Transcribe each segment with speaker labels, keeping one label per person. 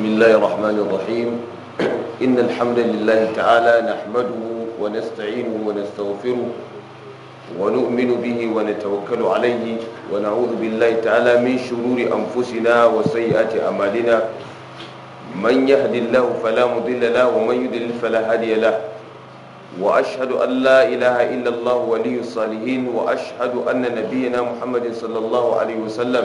Speaker 1: بسم الله الرحمن الرحيم إن الحمد لله تعالى نحمده ونستعينه ونستغفره ونؤمن به ونتوكل عليه ونعوذ بالله تعالى من شرور أنفسنا وسيئات أعمالنا من يهد الله فلا مضل له ومن يضلل فلا هادي له وأشهد أن لا إله إلا الله ولي الصالحين وأشهد أن نبينا محمد صلى الله عليه وسلم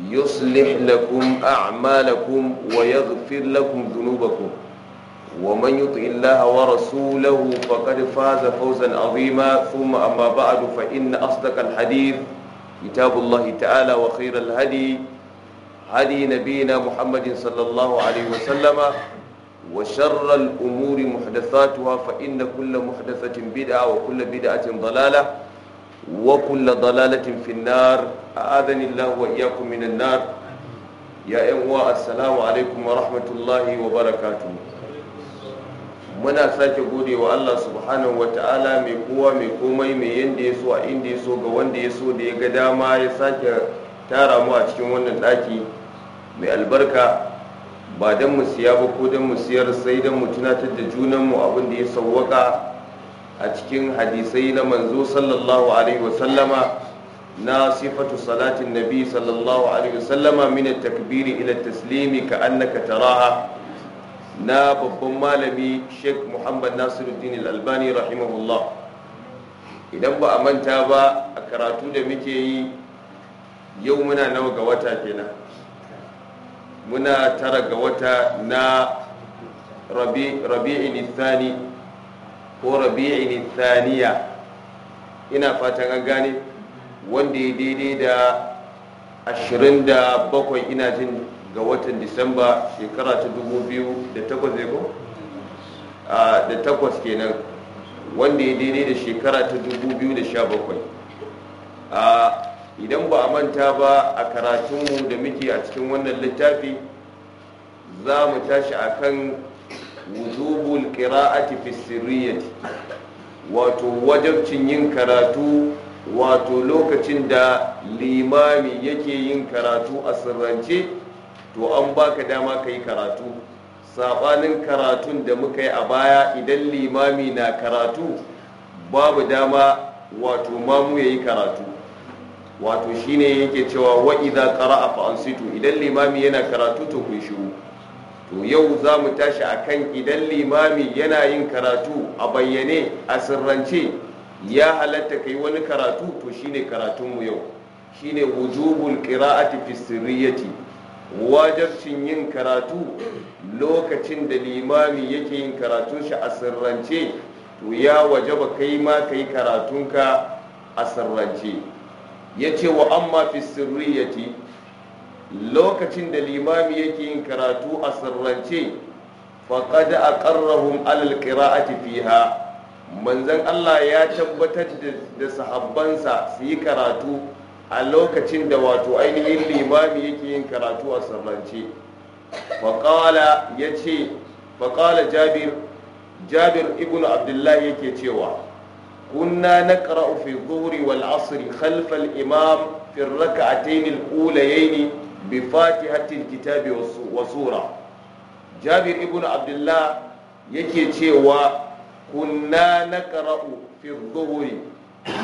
Speaker 1: يصلح لكم أعمالكم ويغفر لكم ذنوبكم ومن يطع الله ورسوله فقد فاز فوزا عظيما ثم أما بعد فإن أصدق الحديث كتاب الله تعالى وخير الهدي هدي نبينا محمد صلى الله عليه وسلم وشر الأمور محدثاتها فإن كل محدثة بدعة وكل بدعة ضلالة وكل ضلالة في النار أعاذني الله وإياكم من النار يا إخوة السلام عليكم ورحمة الله وبركاته muna sake gode wa Allah subhanahu wa ta'ala mai kowa mai komai mai yanda ya so a inda ya so ga wanda ya so da ya ga dama ya sake tara mu a cikin wannan ɗaki mai albarka ba don mu siya ba ko don mu siyar sai don mu tunatar da junanmu abin da ya sauwaka a cikin hadisai na manzo sallallahu alaihi wasallama na sifatu salatin nabi sallallahu alaihi wasallama min takbiri ila taslimi ka annaka taraha na babban malami sheikh muhammad nasiruddin al-albani rahimahullah idan ba a manta ba a karatu da muke yi yau muna nawa ga wata kenan muna tara ga wata na rabi'in thani ko rabi'in thaniya ina fatan an gane wanda ya daidai da ashirin da bakwai ina jin ga watan disamba shekara ta takwas ne ko? da takwas kenan wanda ya daidai da shekara ta dubu biyu da sha bakwai, idan ba a manta ba a karatunmu da muke a cikin wannan littafi za mu tashi a kan. wujubul qira'ati fi sirriyati wato wajabcin yin karatu wato lokacin da limami yake yin karatu a sirrance to an baka dama ka karatu saɓanin karatun da muka yi a baya idan limami na karatu babu dama wato mamu ya yi karatu wato shine yake cewa wa'iza fa ansitu idan limami yana karatu to kun shiru to yau za mu tashi a kan idan limami yana yin karatu a bayyane a sirrance ya halatta kai wani karatu to shine karatunmu yau shine wujubul qira'ati fi sirriyati wajibcin yin karatu lokacin da limami yake yin karatun shi a sirrance to ya wajaba kai ma kai karatunka a sirrance yace wa amma fi sirriyati lokacin da limami yake yin karatu a sirrance faƙad a ƙarrahun alal ƙira'ati fiha manzan Allah ya tabbatar da sahabbansa su yi karatu a lokacin da wato ainihin limami yake yin karatu a sirrance faƙala ya ce faƙala jabir jabir ibn abdullahi yake cewa kunna na ƙara'u fi zuhuri wal asiri khalfal imam fi raka'atayn al-ulayaini bi fatihatil kitabi wa sura jabir ibn abdullah yake cewa kunna na fi dhuhri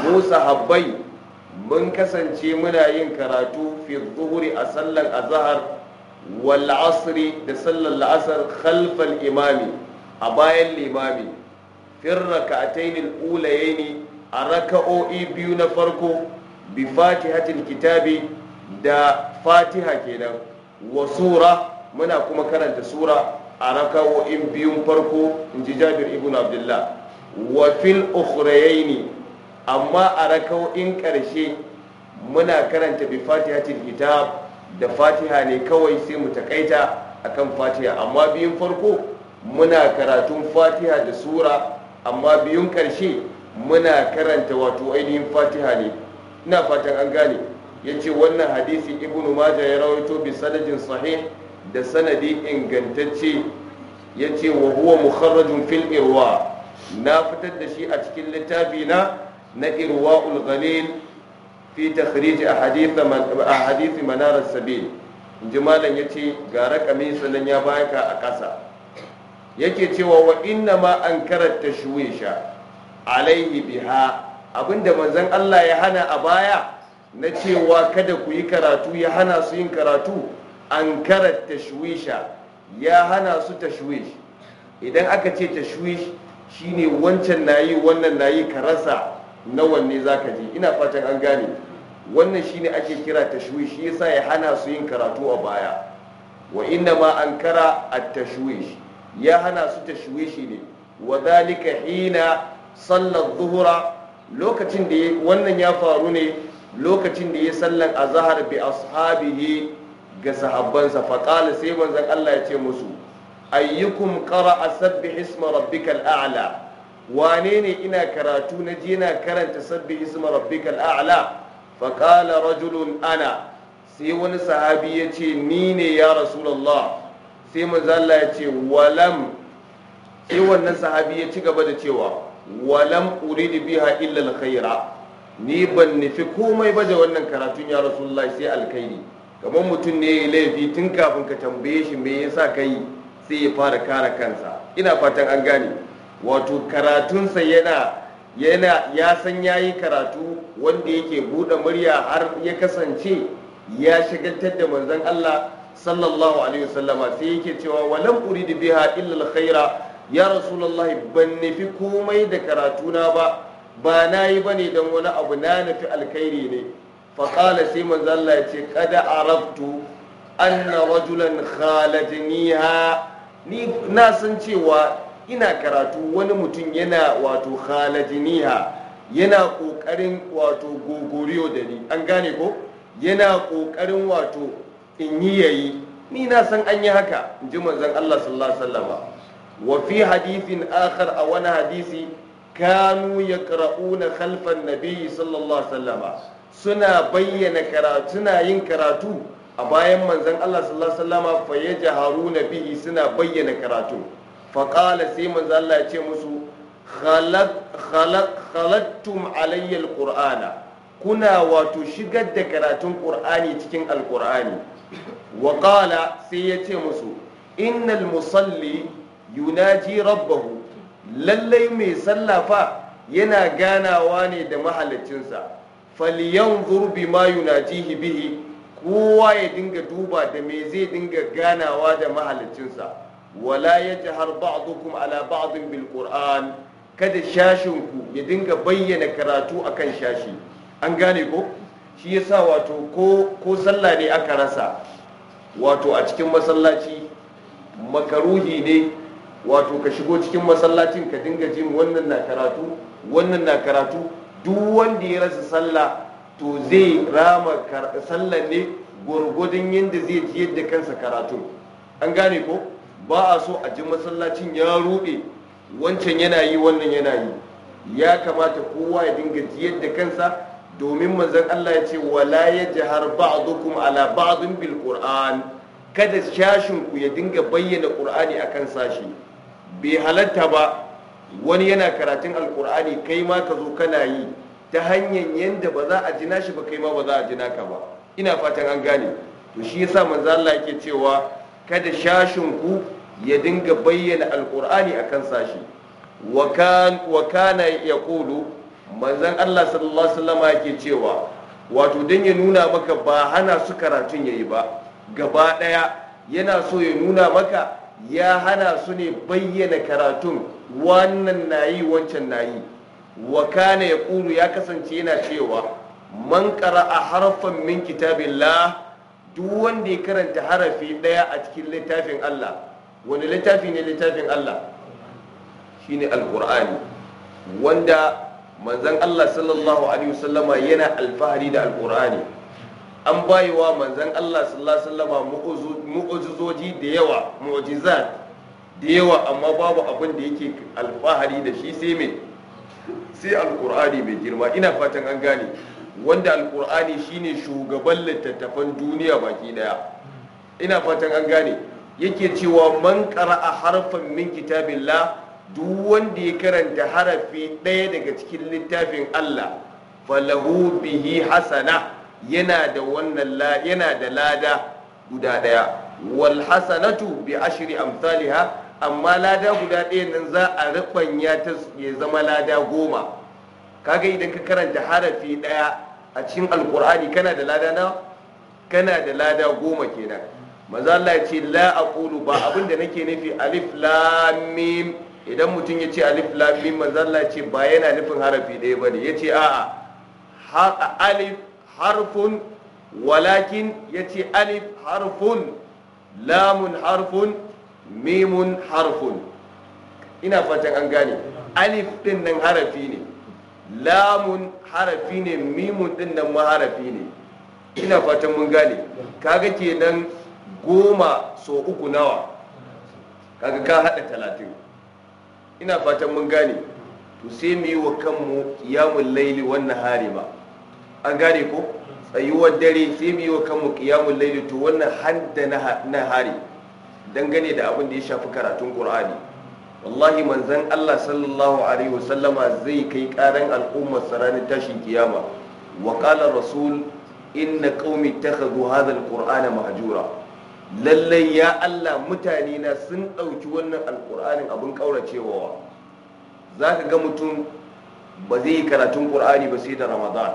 Speaker 1: mu sahabbai mun kasance muna yin karatu fi a sallar azahar wal asri da sallar la'asar khalfal imami a bayan limami fi rak'atayn al-ulayaini a raka'o'i biyu na farko bi fatihatil kitabi da fatiha kenan wa sura muna kuma karanta sura a raka'o'in biyun farko in ji jabir ibn abdullah wa fil ukhrayaini amma a raka'o'in karshe muna karanta bi fatihatil kitab da fatiha ne kawai sai mu takaita akan fatiha amma biyun farko muna karatun fatiha da sura amma biyun karshe muna karanta wato ainihin fatiha ne ina fatan an gane ya ce wannan hadisi ibnu maja ya rawaito bi sanadin sahih da sanadi ingantacce ya ce wa huwa mukharrajun fil irwa na fitar da shi a cikin littafi na na irwa ulghalil fi takhrij ahadith manar sabil jimalan ya ce ga rakamin sannan ya baka a ƙasa yake cewa wa inna ma an karanta sha. alaihi biha abinda manzon Allah ya hana a baya na cewa kada ku yi karatu ya hana su yin karatu an karar tashwisha ya hana su tashwish idan aka ce tashwish shine wancan nayi wannan nayi ka rasa na wanne zaka je ina fatan an gane wannan shine ake kira tashwish shi yasa ya hana su yin karatu a baya wa inna ma an kara at tashwish ya hana su tashwishi ne wa dalika hina sallar zuhura lokacin da wannan ya faru ne lokacin da ya sallar azhar bi ashabihi ga sahabbansa faqala sai wanzan Allah ya ce musu ayyukum a sabbih isma rabbikal a'la wane ne ina karatu na je na karanta sabbih isma rabbikal a'la faqala rajulun ana sai wani sahabi ya ce ni ne ya rasulallah sai manzon Allah ya ce walam sai wannan sahabi ya ci gaba da cewa walam uridu biha illa alkhaira ni ban nufi komai ba da wannan karatun ya rasulullahi sai alkhairi kamar mutum ne ya laifi tun kafin ka tambaye shi me yasa ka yi sai ya fara kare kansa ina fatan an gane wato karatunsa yana yana ya san yayi karatu wanda yake buɗe murya har ya kasance ya shagaltar da manzon Allah sallallahu alaihi wasallama sai yake cewa walam uridu biha illa alkhaira ya rasulullahi ban nufi komai da karatuna ba ba na yi ba ne don wani abu na nufi alkhairi ne faƙala sai manzo ya ce kada an na rajulan ha ni na san cewa ina karatu wani mutum yana wato ha yana ƙoƙarin wato gogoriyo da ni an gane ko yana ƙoƙarin wato in yi yayi ni na san an yi haka in ji manzon Allah sallallahu alaihi wa fi hadithin akhar a wani hadisi kanu ya ƙara'una khalfan nabi sallallahu alaihi suna bayyana karatu suna yin karatu a bayan manzon Allah sallallahu alaihi wasallama fa yajharuna bihi suna bayyana karatu fa qala sai manzon Allah ya ce musu khalattum alayya alqur'ana kuna wato shigar da karatun qur'ani cikin alqur'ani wa qala sai ya ce musu innal musalli yunaji rabbahu lallai mai sallafa yana ganawa ne da mahalicinsa faliyan zurbi ma yunajihi bihi kowa ya dinga duba da me zai dinga ganawa da mahalicinsa wala ya jahar ba'dukum ala ba'din bil qur'an kada shashinku ya dinga bayyana karatu akan shashi an gane ko shi ya sa wato ko ko sallah ne aka rasa wato a cikin masallaci makaruhi ne wato ka shigo cikin masallacin ka dinga jin wannan na karatu wannan na karatu duk wanda ya rasa sallah to zai rama sallah ne gwargwadon yadda zai ji yadda kansa karatu an gane ko ba a so a ji masallacin ya ruɗe wancan yana yi wannan yana yi ya kamata kowa ya dinga ji yadda kansa domin manzon Allah ya ce wala ya jihar ba'dukum ala ba'dun bil qur'an kada shashin ku ya dinga bayyana qur'ani akan sashi bai halatta ba wani yana karatun alkur'ani kai ma ka zo kana yi ta hanyar yadda ba za a jina shi ba kai ma ba za a jina ka ba ina fatan an gane to shi yasa manzo Allah yake cewa kada shashin ku ya dinga bayyana alkur'ani akan sashi wa kan wa kana yaqulu manzon Allah sallallahu alaihi wasallam cewa wato dan ya nuna maka ba hana su karatun yayi ba gaba daya yana so ya nuna maka ya hana su ne bayyana karatun wannan nayi wancan nayi wa kana ya ƙuru ya kasance yana cewa man a harfan min kitabillah duk wanda ya karanta harafi ɗaya a cikin littafin Allah wani littafi ne littafin Allah Shi ne Alƙur'ani. wanda manzan Allah sallallahu alaihi wasallama yana alfahari da alkur'ani an wa manzan Allah sallallahu alaihi wasallama mu'ujizoji da yawa mu'jizat da yawa amma babu abin da yake alfahari da shi sai me sai alqur'ani mai girma ina fatan an gane wanda alqur'ani shine shugaban littattafan duniya baki daya ina fatan an gane yake cewa man qara'a harfan min kitabillah duk wanda ya karanta harafi ɗaya daga cikin littafin Allah falahu bihi hasana yana da wannan yana da lada guda daya wal hasanatu bi ashri amsalha amma lada guda ɗaya nan za a rubanya ta ya zama lada goma kaga idan ka karanta harafi daya a cikin alkur'ani kana da lada na kana da lada goma kenan maza Allah ya ce la aqulu ba abinda nake nufi alif lam mim idan mutum ya ce alif lam mim maza Allah ya ce ba yana nufin harafi ɗaya bane yace a'a alif harfun walakin ya ce alif harfun lamun harfun mimun harfun ina fatan an gane alif din nan harafi ne lamun harafi ne mimun din nan ma harafi ne ina fatan mun gane kaga ke nan goma so uku nawa kaga ka hada talatin ina fatan mun gane to sai mu yi wa kanmu kiyamun laili wannan hari ba an gane ko tsayuwar dare sai mu yi wa kanmu kiyamun laili to wannan hadda na hari dangane da abin da ya shafi karatun qur'ani wallahi manzon Allah sallallahu alaihi wasallama zai kai karan al'ummar sararin tashin kiyama wa rasul inna qaumi ittakhadhu hadha alqur'ana mahjura lallai ya Allah mutane na sun ɗauki wannan alƙur'anin abin ƙauracewa za ka ga mutum ba zai yi karatun ƙur'ani ba sai da ramadan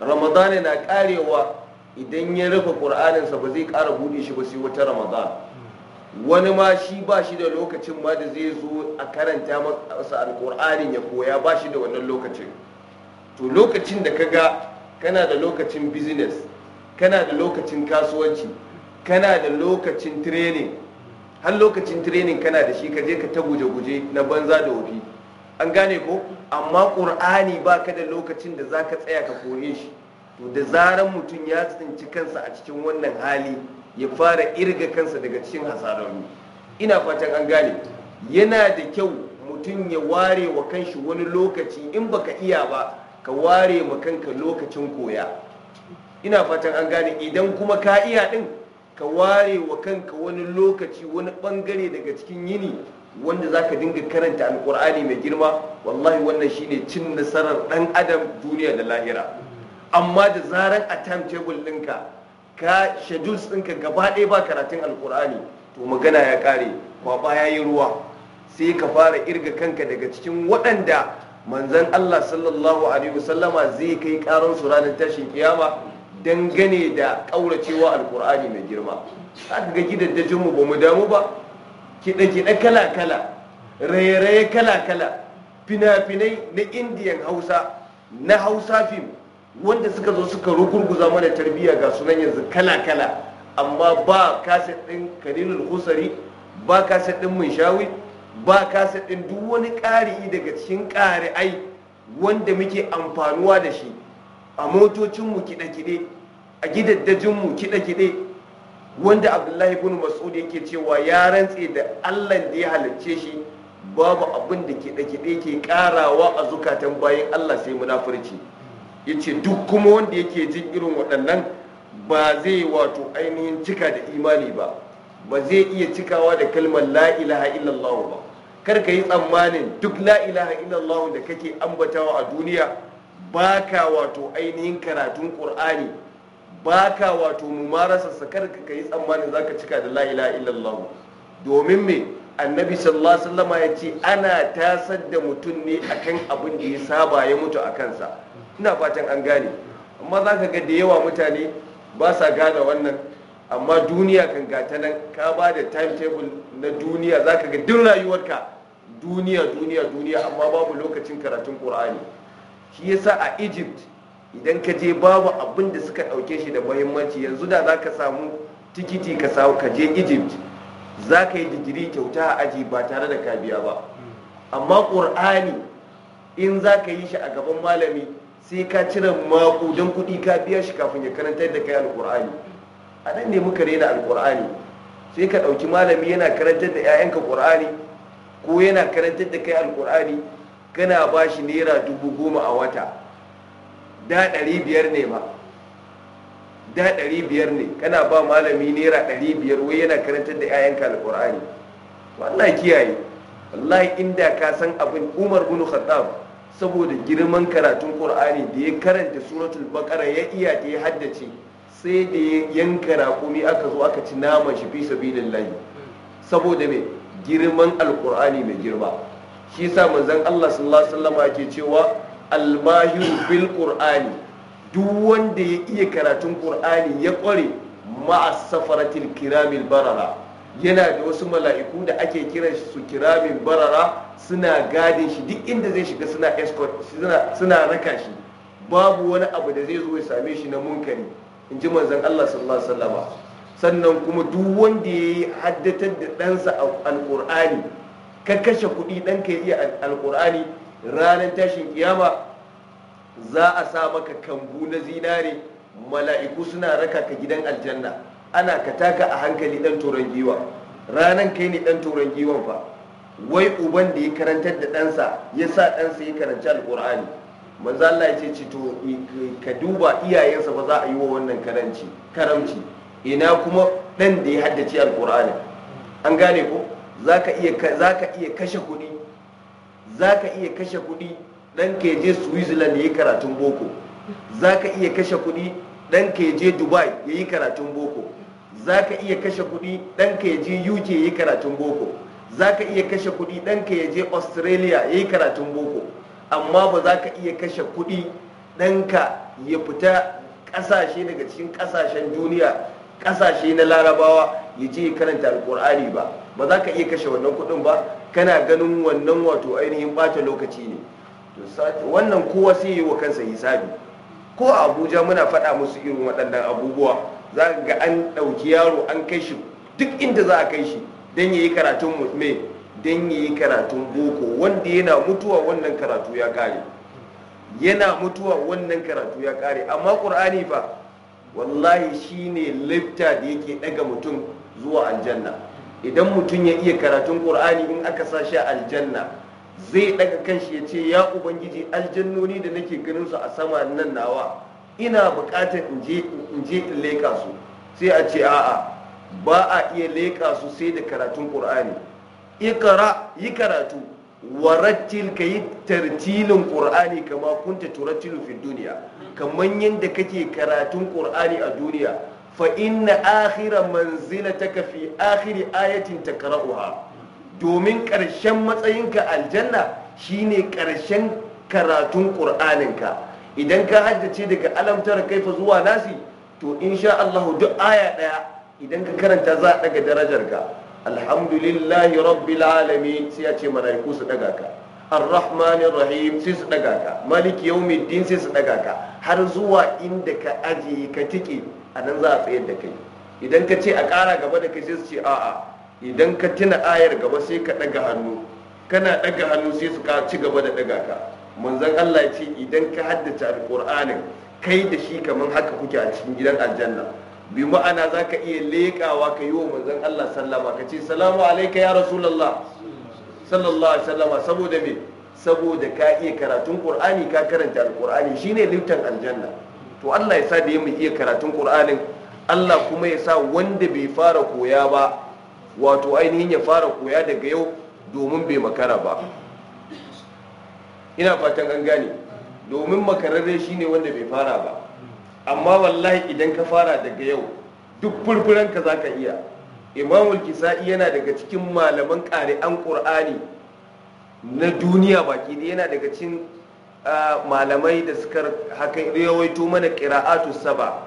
Speaker 1: Ramadani na karewa idan ya rufe ƙur'aninsa ba zai kara buɗe shi ba sai wata ramadan wani ma shi ba shi da lokacin ma da zai zo a karanta masa alƙur'anin ya koya ba shi da wannan lokacin to lokacin da ka ga kana da lokacin business kana da lokacin kasuwanci kana da lokacin training har lokacin training kana da shi ka je ka ta guje-guje na banza da wofi an gane ko amma ƙur'ani ba ka da lokacin da za ka tsaya ka koye shi to da zaran mutum ya tsinci kansa a cikin wannan hali ya fara irga kansa daga cikin hasararru ina fatan an gane yana da kyau mutum ya ware wa kanshi wani lokaci in baka iya ba ka ware ma kanka lokacin koya ina fatan an gane idan kuma ka iya din ka ware wa kanka wani lokaci wani bangare daga cikin yini wanda za ka dinga karanta alkur'ani mai girma wallahi wannan shine cin nasarar dan adam duniya da lahira amma da zaren a timetable ɗinka ka schedules ɗinka gaba ɗaya ba karatun alkur'ani to magana ya ƙare kwaba ya yi ruwa sai ka fara irga kanka daga cikin waɗanda manzan allah sallallahu alaihi wasallama zai kai ƙaransu ranar tashin kiyama dangane da ƙauracewa alkur'ani mai girma aka ga gidajen mu ba mu damu ba kiɗe-kiɗe kala-kala raye-raye kala-kala fina-finai na indiyan hausa na hausa fim wanda suka zo suka rukurguza mana tarbiyya ga sunan yanzu kala-kala amma ba kaset ɗin kalilul husari ba kaset ɗin munshawi ba kaset ɗin duk wani ƙari daga cikin ƙari ƙari'ai wanda muke amfanuwa da shi a motocinmu kiɗe-kiɗe a gidaddajinmu kiɗe-kiɗe wanda abdullahi ibn mas'ud yake cewa ya rantse da allah da ya halicce shi babu abin da kiɗe-kiɗe ke ƙarawa a zukatan bayan allah sai munafurci ya ce duk kuma wanda yake jin irin waɗannan ba zai wato ainihin cika da imani ba ba zai iya cikawa da kalmar la illallah ba kar ka yi tsammanin duk la illallah da kake ambatawa a duniya baka wato ainihin karatun ƙur'ani baka ka wato marasa sakar ka yi tsammanin za ka cika da la'ila illallah domin me annabi sallallahu ya ce ana tasar da mutum ne akan abin da ya saba ya mutu a kansa ina fatan an gane amma za ka ga da yawa mutane ba sa gane wannan amma duniya kan gata nan ka ba da timetable na duniya za ka ga duk rayuwarka duniya duniya duniya amma babu lokacin karatun ƙur'ani shi yasa a egypt idan ka je babu abin da suka ɗauke shi da muhimmanci yanzu da za ka samu tikiti ka samu ka je egypt za ka yi digiri kyauta a aji ba tare da ka biya ba amma ƙur'ani in za ka yi shi a gaban malami sai ka cire don kuɗi ka biya shi kafin ya karanta da kai alƙur'ani a nan ne muka rena alƙur'ani sai ka ɗauki malami yana karantar da 'ya'yanka ƙur'ani ko yana karantar da kai alƙur'ani kana ba shi naira dubu goma a wata da ɗari biyar ne ba da ɗari ne kana ba malami naira ɗari biyar wai yana karantar da ka alƙur'ani wallahi kiyaye wallahi inda ka san abin umar bin khattab saboda girman karatun ƙur'ani da ya karanta suratul bakara ya iya ta ya haddace sai da ya yanka raƙumi aka zo aka ci naman shi fi sabilillahi saboda me girman alƙur'ani mai girma shi yasa manzon Allah sallallahu alaihi wasallam ke cewa almahiru bil qur'ani duk wanda ya iya karatun qur'ani ya kware ma'a safaratil kiramil barara yana da wasu mala'iku da ake kiran su kiramin barara suna gadin shi duk inda zai shiga suna escort suna raka shi babu wani abu da zai zo ya same shi na munkari in ji manzon Allah sallallahu sannan kuma duk wanda ya yi haddatar da ɗansa alƙur'ani ka kashe kuɗi ɗanka ya iya alƙur'ani ranar tashin kiyama za a sa maka kambu na zinare mala'iku suna raka ka gidan aljanna ana kataka a hankali dan turan giwa ranan kai ne dan turan giwan fa wai uban da ya karantar da ɗansa ya sa ɗansa ya karanci alƙur'ani manzo Allah ya ce ci to ka duba iyayensa ba za a yi wa wannan karanci karamci ina kuma ɗan da ya haddace alƙur'ani an gane ko zaka iya zaka iya kashe kuɗi za ka iya kashe kuɗi dan ka je switzerland ya yi karatun boko za ka iya kashe kuɗi dan ka je dubai ya yi karatun boko za ka iya kashe kuɗi dan ka je uk ya yi karatun boko za ka iya kashe kuɗi dan ka je australia ya yi karatun boko amma ba za ka iya kashe kuɗi ɗanka ya fita ƙasashe daga cikin ƙasashen duniya ƙasashe na larabawa ya je karanta alƙur'ani ba ba za ka iya kashe wannan kuɗin ba kana ganin wannan wato ainihin bata lokaci ne wannan kowa sai yi wa kansa hisabi ko a abuja muna faɗa musu irin waɗannan abubuwa za ga an ɗauki yaro an kai shi duk inda za a kai shi don ya yi karatun mutme don ya yi karatun boko wanda yana mutuwa wannan karatu ya kare yana mutuwa wannan karatu ya kare amma ƙur'ani fa wallahi shine lifta da yake ɗaga mutum zuwa aljanna idan mutum ya iya karatun ƙur'ani in aka sa shi aljanna zai daga kanshi ya ce ya ubangiji aljannoni da nake ganin su a sama nan nawa ina buƙatar in je in leka su sai a ce a'a ba a iya leka su sai da karatun Kur'ani. ikra yi karatu warattil ka yi tartilin ƙur'ani kama kunta turattilu fi duniya kamar yadda kake karatun ƙur'ani a duniya fa inna akhira ta kafi akhiri ayatin takra'uha domin ƙarshen matsayinka aljanna shine ƙarshen karatun ƙur'aninka idan ka haddace daga alamtar kaifa zuwa nasi to insha allahu duk aya ɗaya idan ka karanta za a daga darajarka alhamdulillahi rabbil alamin sai a ce maraiku su daga ka الرحمن rahim sai su daga ka maliki yawmiddin sai su daga ka har zuwa inda ka ajiye ka tike a nan za a tsayar da kai idan ka ce a ƙara gaba da kai sai su ce a'a idan ka tuna ayar gaba sai ka ɗaga hannu kana ɗaga hannu sai su ci gaba da ɗaga ka manzon Allah ya ce idan ka haddace alƙur'anin kai da shi kamar haka kuke a cikin gidan aljanna bi ma'ana za ka iya leƙawa ka yi wa manzon Allah sallama ka ce salamu alaika ya rasulallah sallallahu alaihi sallama saboda me saboda ka iya karatun ƙur'ani ka karanta alƙur'ani shine liftan aljanna to Allah ya sa da mu iya karatun Kur'anin, Allah kuma ya sa wanda bai fara koya ba wato ainihin ya fara koya daga yau domin bai makara ba ina fatan an gane domin makararre shine wanda bai fara ba amma wallahi idan ka fara daga yau duk furfuranka za ka iya imamul kisa'i yana daga cikin malaman ƙari'an ƙur'ani na duniya baki yana daga cikin malamai da suka haka yawaito mana qira'atu saba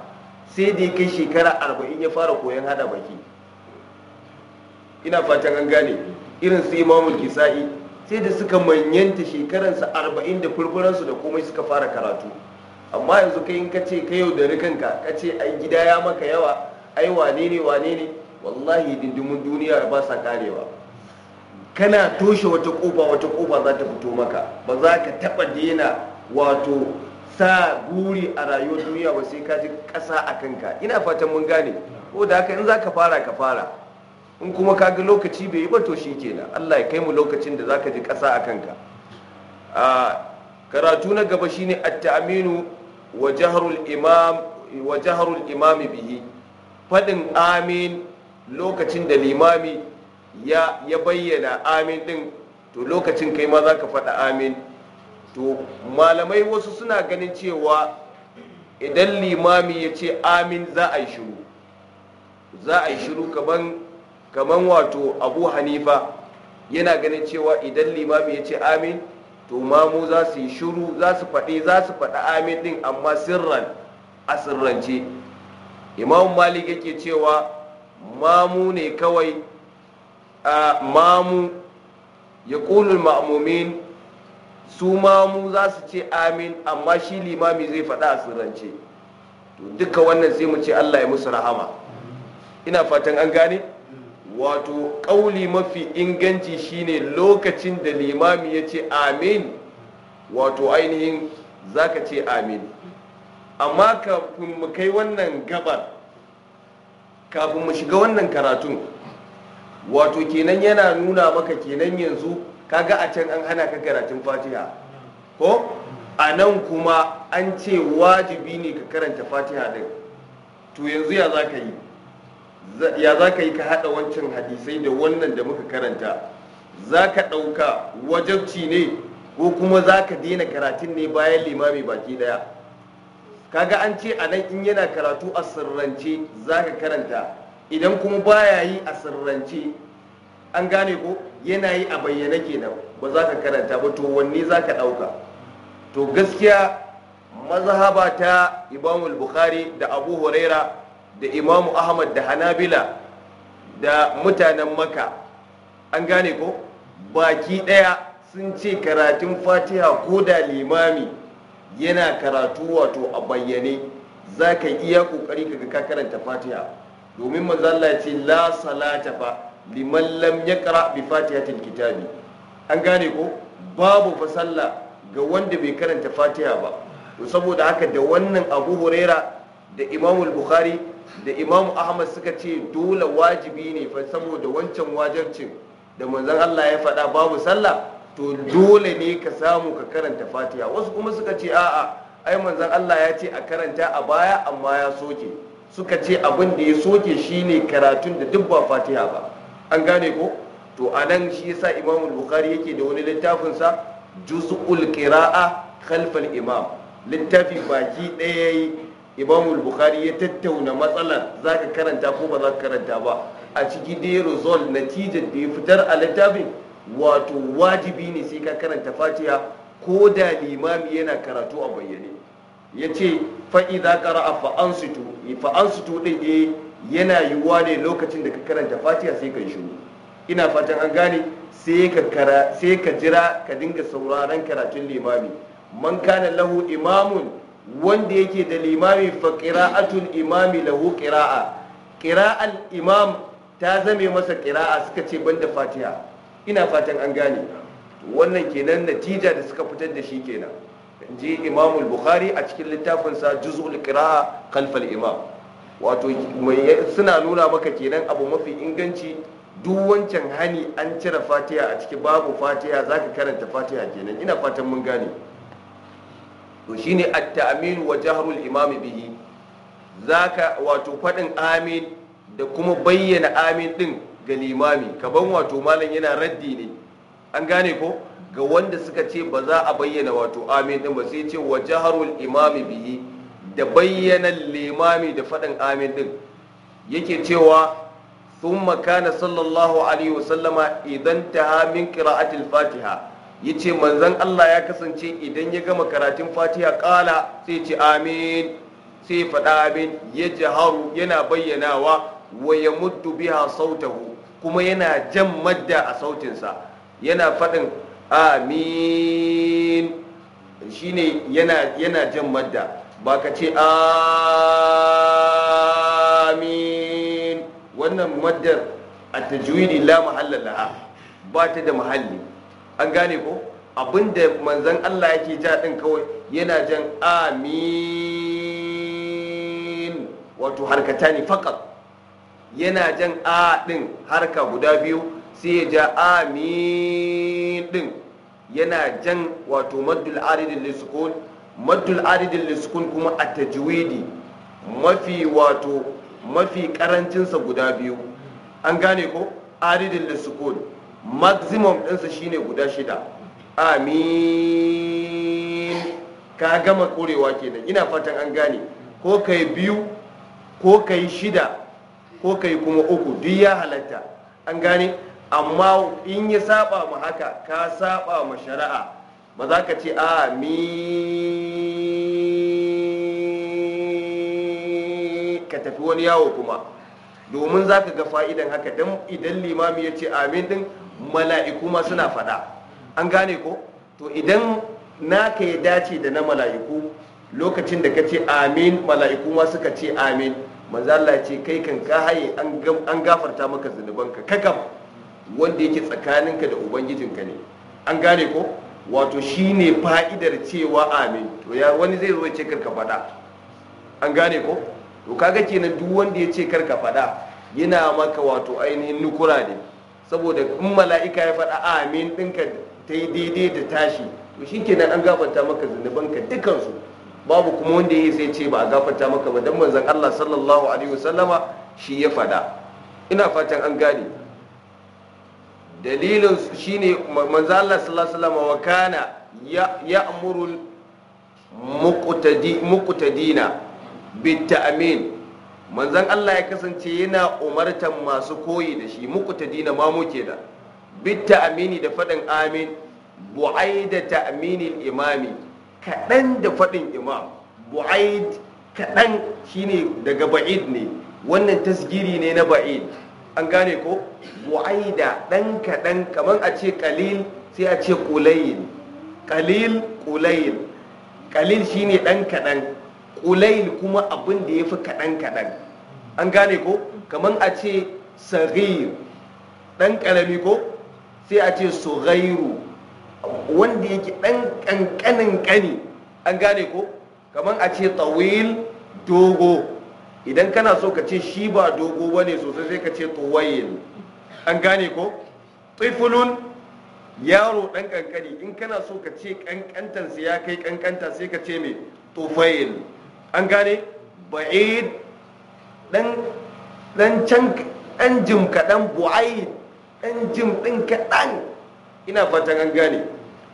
Speaker 1: sai da kai shekara arba'in ya fara koyon hada baki ina fatan an gane irin su imamul kisa'i sai da suka manyanta shekaransa arba'in da furfuransu da komai suka fara karatu amma yanzu kai in ka ce ka yau da rikanka ka ce ai gida ya maka yawa ai wane ne wane ne wallahi dindimin duniya ba sa karewa kana toshe wata ƙofa, wata ƙofa za ta fito maka ba za ka taɓa daina wato sa guri a rayuwar duniya ba sai ka ji ƙasa a kanka ina fatan mun gane ko da haka in za ka fara ka fara in kuma ka ga lokaci bai yi ba to kenan Allah ya kai mu lokacin da za ka ji ƙasa a kanka a karatu na gaba shine at-ta'minu wa jahrul imam wa imam bihi fadin amin lokacin da limami ya bayyana amin din to lokacin kai ma za ka faɗa amin to malamai wasu suna ganin cewa idan limami ya ce amin za a yi shiru za a yi shiru kaman wato abu hanifa yana ganin cewa idan limami ya ce amin to mamu za su yi shiru za su faɗi za su faɗa amin ɗin amma sirran a sirrance imam malik yake cewa mamu ne kawai mamu ya ƙulul ma'amumin su mamu za su ce amin amma shi limami zai faɗa a sirrance to duka wannan sai mu ce allah ya musu rahama ina fatan an gane wato ƙauli mafi inganci shine lokacin da limami ya ce amin wato ainihin za ka ce amin amma kafin mu kai wannan gabar kafin mu shiga wannan karatun wato kenan yana nuna maka kenan yanzu kaga a can an hana ka karatun fatiha ko a nan kuma an ce wajibi ne ka karanta fatiha din to yanzu ya za ka yi ya za ka yi ka haɗa wancan hadisai da wannan da muka karanta za ka ɗauka wajabci ne ko kuma za ka daina karatun ne bayan limami baki daya kaga an ce a nan in yana karatu a sirrance za ka karanta idan kuma baya yi a sirrance an gane ko yana yi a bayyane kenan ba za ka karanta ba to wanne za ka ɗauka to gaskiya mazhaba ta imamul bukhari da abu huraira da imamu ahmad da hanabila da mutanen maka an gane ko baki ɗaya sun ce karatun fatiha ko da limami yana karatu wato a bayyane za ka iya ƙoƙari ka karanta fatiha domin manzo Allah ya ce la salata fa liman lam yaqra bi fatihatil kitabi an gane ko babu fa sallah ga wanda bai karanta fatiha ba to saboda haka da wannan abu huraira da imam bukhari da imam ahmad suka ce dole wajibi ne fa saboda wancan wajibcin da manzon Allah ya faɗa babu sallah to dole ne ka samu ka karanta fatiha wasu kuma suka ce a'a ai manzon Allah ya ce a karanta a baya amma ya soke suka ce abin da ya soke shine karatun da duk ba fatiha ba an gane ko to a nan shi yasa imamul bukhari yake da wani littafinsa juz'ul qira'a khalfal imam littafi baki ɗaya yayi imamul bukhari ya tattauna matsalar zaka karanta ko ba za ka karanta ba a ciki dai result natijar da ya fitar a littafin wato wajibi ne sai ka karanta fatiha ko da limami yana karatu a bayyane ya ce ƙara a fa'ansutu fa'ansutu ɗin ne yana yiwuwa ne lokacin da ka karanta fatiha sai ka yi shiru ina fatan an gane sai ka jira ka dinga sauraron karatun limami man kana lahu imamun wanda yake da limami fa qira'atul imami lahu qira'a qira'al imam ta zame masa qira'a suka ce banda fatiha ina fatan an gane wannan kenan natija da suka fitar da shi kenan ji imam bukhari a cikin littafinsa juz'ul qira'a Kalfal imam wato suna nuna maka kenan abu mafi inganci duk wancan hani an cire fatiha a ciki babu fatiha zaka karanta fatiha kenan ina fatan mun gane to shine at-ta'min wa jahrul imam bihi zaka wato faɗin amin da kuma bayyana amin ɗin ga limami kaban wato malam yana raddi ne an gane ko ga wanda suka ce ba za a bayyana wato amin din ba sai ce wa jaharul imami bihi da bayyana limami da faɗin amin din yake cewa sun makana sallallahu alaihi wasallama idan ta min qira'atil fatiha yace manzon Allah ya kasance idan ya gama karatun fatiha kala sai ce amin sai faɗa amin ya jaharu yana bayyanawa wa ya muddu biha sautahu kuma yana jan madda a sautinsa yana faɗin amin shine yana yana jan madda ba ka ce amin wannan maddar a tajwidi la mahalla la'a ba ta da mahalli an gane ko abinda manzan Allah yake ja din kawai yana jan amin wato harkata ne fakat yana jan a harka guda biyu sai ya ja amin din yana jan wato maddul aridin lisukun maddul aridin lisukun kuma a tajwidi mafi wato mafi karancinsa guda biyu an gane ko aridin lisukun maximum ɗinsa shine guda shida amin ka gama korewa kenan ina fatan an gane ko kai biyu ko kai shida ko kai kuma uku duk ya halatta an gane amma in ya saba ma haka ka saba ma shari'a ba za ka ce a ka tafi wani yawo kuma domin za ka ga fa'idan haka don idan limami ya ce amin din mala'iku ma suna fada an gane ko to idan naka ya dace da na mala'iku lokacin da ka ce amin mala'iku ma suka ce amin manzo Allah ce kai kan ka haye an gafarta maka zunubanka kakam wanda yake tsakaninka da ubangijinka ne an gane ko wato shine fa'idar cewa amin to ya wani zai zo ya ce karka faɗa an gane ko to kaga kenan duk wanda ya ce karka faɗa yana maka wato ainihin nukura ne saboda in mala'ika ya faɗa amin dinka ta yi daidai da tashi to shi kenan an gafarta maka zunubanka dukansu babu kuma wanda ya sai ce ba a gafarta maka ba don manzon Allah sallallahu alaihi wasallama shi ya faɗa ina fatan an gane dalilin shine manzo Allah sallallahu alaihi wa kana ya'muru muqtadi muqtadina amin, manzon Allah ya kasance yana umartan masu koyi da shi muqtadina ma muke da bita'mini da fadin amin bu'aida ta'minil imami kadan da fadin imam bu'aid kadan shine daga ba'id ne wannan tasgiri ne na ba'id an gane ko mu'aida ɗan kaɗan kamar a ce kalil sai a ce kulayin kalil kulayin kalil shine ɗan kaɗan kulayin kuma abin da ya fi kaɗan kaɗan an gane ko kamar a ce sarir, ɗan ƙarami ko sai a ce sugairu wanda yake ɗan ƙanƙanin ƙani an gane ko kamar a ce tawil dogo idan kana so ka ce shi ba dogo ba ne sosai sai ka ce tuwayin an gane ko tsifulun yaro ɗan ƙanƙani in kana so ka ce ƙanƙantarsa ya kai ƙanƙanta sai ka ce mai tufayin an gane ba'id ɗan can ɗan jim kaɗan bu'ayi ɗan jim ɗin kaɗan ina fatan an gane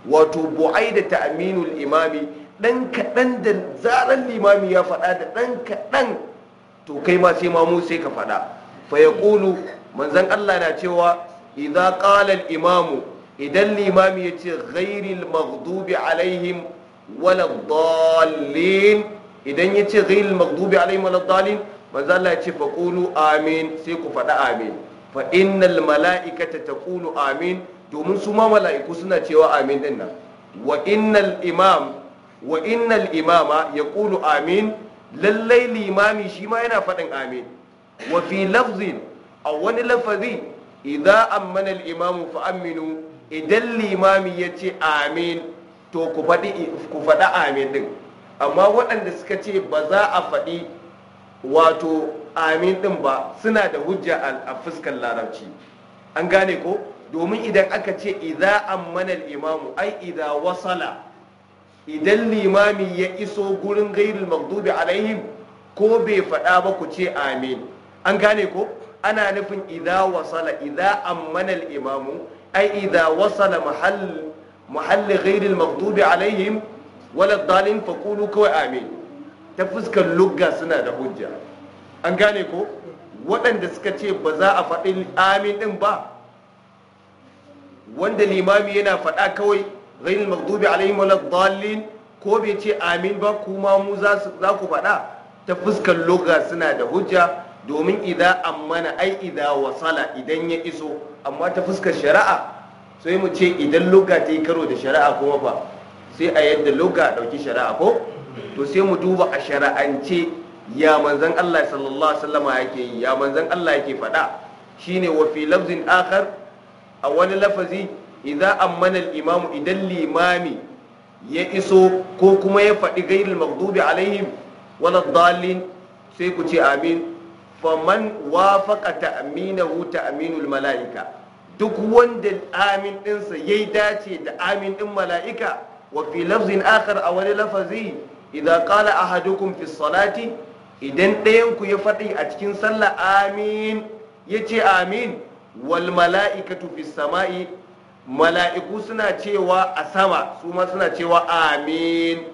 Speaker 1: wato bu'ai da ta'aminul imami ɗan kaɗan da zaran limami ya faɗa da ɗan kaɗan to kai ma sai mamu sai ka faɗa fa ya yaqulu manzon Allah na cewa idan qala imamu idan limami ya ce ghairil maghdubi alaihim wala dallin idan ya ce ghairil maghdubi alaihim wala dallin manzo Allah ya ce fa qulu amin sai ku faɗa amin fa innal mala'ikata ta taqulu amin domin su ma mala'iku suna cewa amin din nan wa innal imam wa innal imama ya yaqulu amin lallai limami shi ma yana faɗin amin wa fi lafzin a wani lafazi idan ammana mana imamu fa aminu idan limami ya ce amin to ku faɗi amin ɗin. amma waɗanda suka ce ba za a faɗi wato amin ɗin ba suna da hujja a fuskar larabci an gane ko domin idan aka ce idan ammana mana imamu ai idan wasala idan limami ya iso gurin gairul maghdubi alaihim ko bai faɗa ba ku ce amin an gane ko ana nufin idza wasala idza ammana al-imamu ai idza wasala mahall mahall ghairil maghdubi alaihim wala dalin fa qulu kawai amin ta fuskar lugga suna da hujja an gane ko waɗanda suka ce ba za a faɗi amin din ba wanda limami yana faɗa kawai ghairil maghdubi alaihim waladdallin ko bai ce amin ba kuma mu za ku faɗa ta fuskar loga suna da hujja domin idza ammana ai idza wasala idan ya iso amma ta fuskar shari'a sai mu ce idan loga ta yi karo da shari'a kuma fa sai a yadda loga dauki shari'a ko to sai mu duba a shari'ance ya manzon Allah sallallahu alaihi wasallama yake yi ya manzon Allah yake faɗa shine wa fi lafzin akhar a wani lafazi idza ammana al-imamu idan limami ya iso ko kuma ya faɗi gairil maghdubi alaihim wala dalin sai ku ce amin faman wafaqa ta'minahu ta'minul mala'ika duk wanda amin ɗinsa ya dace da amin ɗin mala'ika wa fi lafzin akhar a wani lafazi idan kala ahadukum hadukun fi salati idan ku ya faɗi a cikin sallah amin ya ce amin wal mala'ikatu fi sama'i mala'iku suna cewa a sama su ma suna cewa amin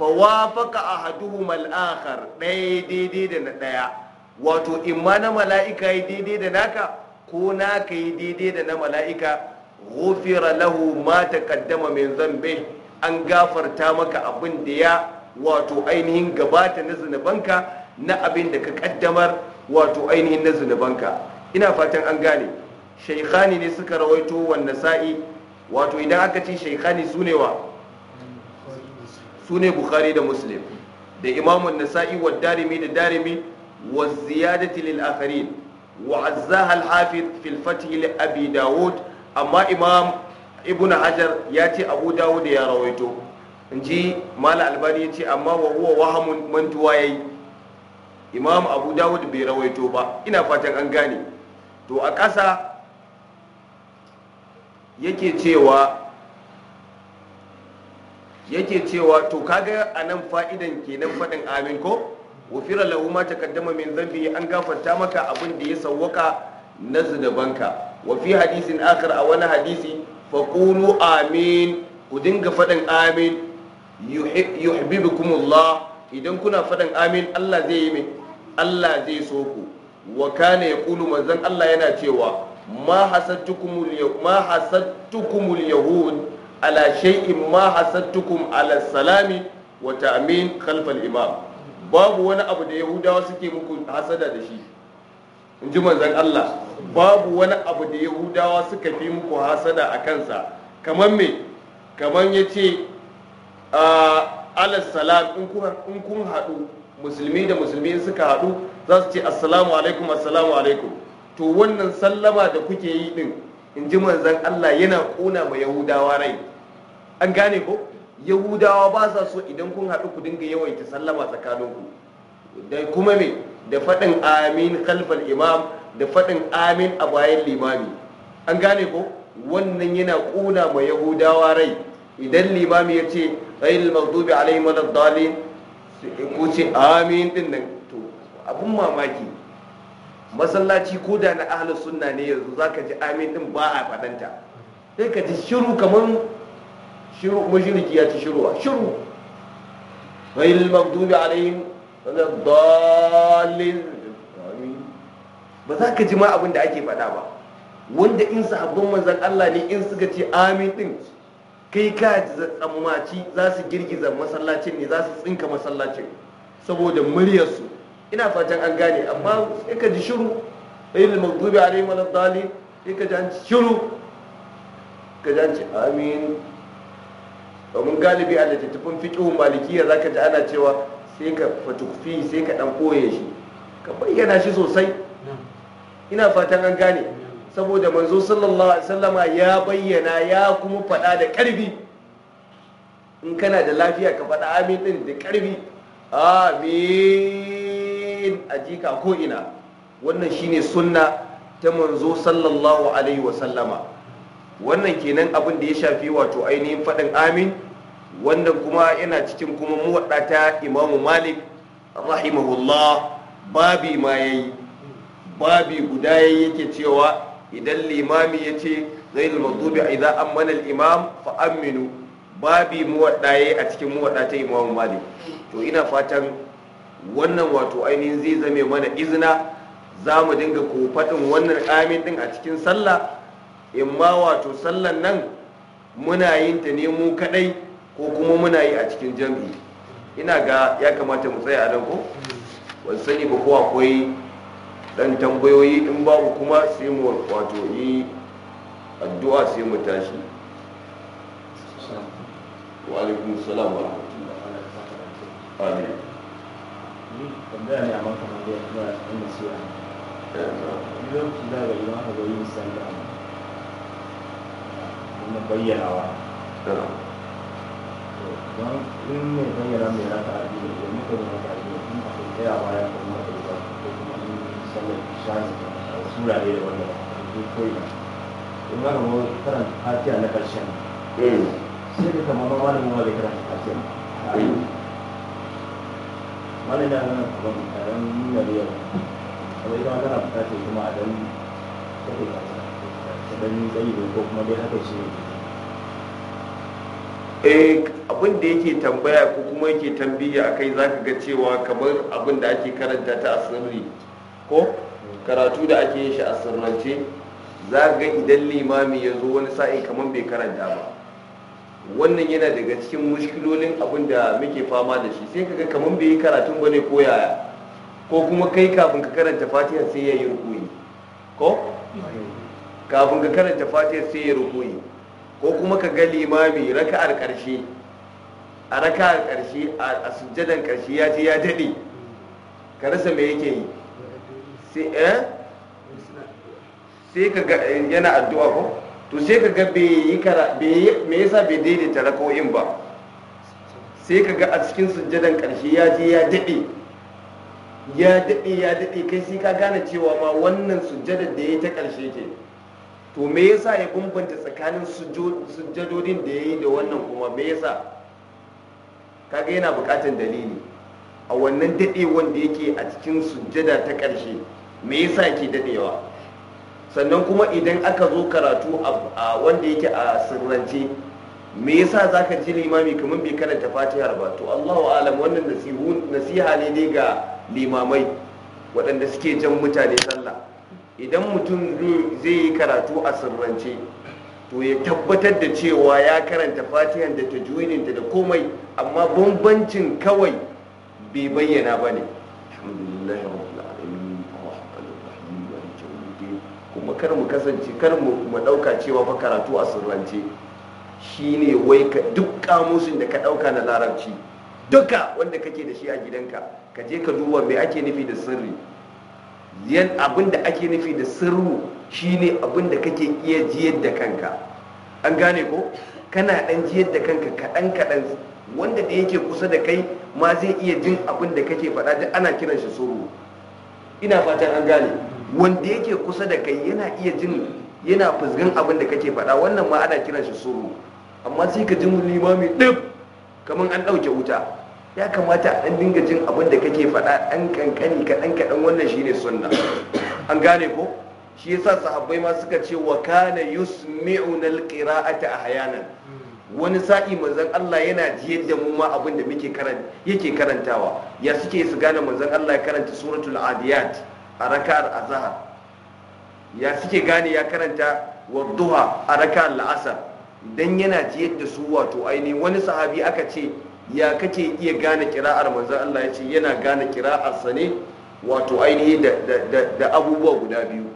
Speaker 1: fawafaka a haduhu akhar ɗaya daidai da na ɗaya wato imma na mala'ika yi daidai da naka ko naka yi daidai da na mala'ika ghufira lahu ma taqaddama min zambe an gafarta maka abin da ya wato ainihin gabata na zunubanka na abin da ka kaddamar wato ainihin na zunubanka ina fatan an gane shaykhani ne suka rawaito wanda sa'i wato idan aka ce shaykhani sune wa sune bukhari da muslim da imamun nasa'i wa darimi da darimi wa ziyadati lil akharin wa azzaha al hafiz fil fath li abi daud amma imam ibn hajar ya ce abu dawud ya rawaito in ji mala albani ya ce amma wa huwa wahamun mantuwa yayi imam abu dawud bai rawaito ba ina fatan an gane to a ƙasa yake cewa yake cewa to kaga anan fa'idan kenan faɗin amin ko wufira lahu ma taqaddama min dhanbi an gafarta maka abin da ya sawwaka na zunubanka wa fi hadisin akhar a wani hadisi fa qulu amin ku dinga faɗin amin yuhibbukumullah idan kuna faɗin amin Allah zai yi min Allah zai so ku wa kana yaqulu manzon Allah yana cewa ma hasadtukumul ma yahud ala shay'in ma hasadtukum ala salami wa ta'min khalf al imam babu wani abu da yahudawa suke muku hasada da shi in ji manzon Allah babu wani abu da yahudawa suka fi muku hasada a kansa kamar me kamar yace ala salam in kun haɗu musulmi da musulmi suka haɗu za su ce assalamu alaikum assalamu alaikum to wannan sallama da kuke yi din in ji manzan Allah yana kona ma yahudawa rai an gane ko yahudawa ba sa so idan kun haɗu ku dinga yawaita sallama tsakaninku da kuma me da faɗin amin kalfal imam da faɗin amin a bayan limami an gane ko wannan yana ƙuna ma yahudawa rai idan limami ya ce rayil maghdubi alaihim waladdalin ku ce amin din nan to abun mamaki masallaci ko da na ahlus sunna ne yanzu za ka ji amin din ba a fadanta sai ka ji shiru kamar shiru mashiriki ya ci shiruwa shiru ghayr maghdubi alaihim dalil ba za ka ji ma abin da ake faɗa ba wanda in sahabban manzan Allah ne in suka ce amin din kai ka tsammaci za su girgiza masallacin ne za su tsinka masallacin saboda muryarsu ina fatan an gane amma ka ji shiru ayyul maghdubi alaihim waladdallin ka ji an shiru ka ji an ce amin domin galibi a littattafan fiqhun malikiya zaka ji ana cewa sai ka fatukfi sai ka dan koye shi ka bayyana shi sosai ina fatan an gane saboda manzo sallallahu alaihi wasallama ya bayyana ya kuma faɗa da ƙarfi in kana da lafiya ka faɗa amin ɗin da ƙarfi amin in a jika ko ina wannan shine sunna ta manzo sallallahu alaihi wasallama wannan kenan abin da ya shafi wato ainihin faɗin amin wannan kuma yana cikin kuma muwaɗata imamu malik rahimahullah babi ma ya yi babi guda ya yake cewa idan limami ya ce zai lalmadubi a idan an mana imam fa aminu babi muwaɗaye a cikin muwaɗata imamu malik to ina fatan wannan wato ainihin zai zame mana izina za mu dinga kofaɗin wannan amin ɗin a cikin sallah in ma wato sallan nan muna yin ta ne mu kaɗai ko kuma muna yi a cikin jam'i ina ga ya kamata mu tsaya a nan ko ban sani ba ko akwai ɗan tambayoyi in babu kuma sai mu wato yi addu'a sai mu tashi wa alaikum salam wa amin tambaya ne amma kamar da yanzu a cikin nasiha idan ki zaga idan aka zo yin sallah na bayyanawa don in mai bayyana mai raka a biyu da muka yi raka a biyu kuma akwai tsayawa ya kuma da ko kuma in sallar shani a sura da wanda ba a yi ko ina in aka zo karanta fatiha na ƙarshen mm. sai da kamar ma malamin ma bai karanta fatiha mana da nan abin a dan nuna riyar kamar ita tana bukatar kuma a dan kafe ta dan tsayi da ko kuma dai haka shi eh abin da yake tambaya ko kuma yake tambiya kai zaka ga cewa kamar abin da ake karanta ta asirri ko karatu da ake yin shi a sirrance za ga idan limami ya zo wani sa'in kamar bai karanta ba wannan yana daga cikin mushkilolin abin da muke fama da shi sai kaga kamar bai yi karatun bane ko yaya ko kuma kai kafin ka karanta fatiha sai ya yi rukuyi ko kafin ka karanta fatiha sai ya rukuyi ko kuma ka ga limami raka'ar karshe a raka'ar karshe a sujjadan karshe ya ce ya dade ka rasa me yake yi sai eh sai ka ga eh, yana addu'a ko to sai ka ga me yasa bai daidaita rako'in ba sai ka ga a cikin sujjadan ƙarshe ya je ya daɗe ya daɗe ya daɗe kai sai ka gane cewa ma wannan sujjadar da ya yi ta ƙarshe ke to me yasa ya bambanta tsakanin sujjadodin da ya yi da wannan kuma me yasa kaga yana buƙatar dalili a wannan daɗewan da yake a cikin sujjada ta ƙarshe me yasa yake daɗewa sannan kuma idan aka zo karatu a wanda yake a sirrance me yasa ka ji limami kamar bai karanta fatihar ba to Allahu alam wannan nasiha ne dai ga limamai waɗanda suke jan mutane sallah idan mutum zai yi karatu a sirrance to ya tabbatar da cewa ya karanta fatihar da tajwidinta da komai amma bambancin kawai bai bayyana ba ne الحمد لله رب العالمين الرحمن الرحيم مالك يوم الدين kuma kar mu kasance kar mu mu dauka cewa fa karatu a sirrance shine wai ka duk kamusin da ka dauka na larabci duka wanda kake da shi a gidanka ka je ka duba me ake nufi da sirri yan abin da ake nufi da sirru shine abin da kake iya jiyar da kanka an gane ko kana dan jiyar da kanka kadan kadan wanda da yake kusa da kai ma zai iya jin abin da kake faɗa da ana kiran shi suru ina fatan an gane wanda yake kusa da kai yana iya jin yana fuzgan abin da kake faɗa wannan ma ana kiran shi suru amma sai ka ji limami ɗin kamar an ɗauke wuta ya kamata a dinga jin abin da kake faɗa ɗan kankani kaɗan kaɗan wannan shine sunna an gane ko shi yasa sahabbai ma suka ce wa kana yusmi'una alqira'ata ahyanan wani sa'i manzon Allah yana jiyar da mu ma abin da muke karanta yake karantawa ya suke su gane manzon Allah ya karanta suratul adiyat a raka'ar azhar ya suke gane ya karanta wadduha a raka'ar la'asar dan yana jiyar da su wato aini wani sahabi aka ce ya kake iya gane kira'ar manzon Allah ya ce yana gane kira'ar sa ne wato ainihi da abubuwa guda biyu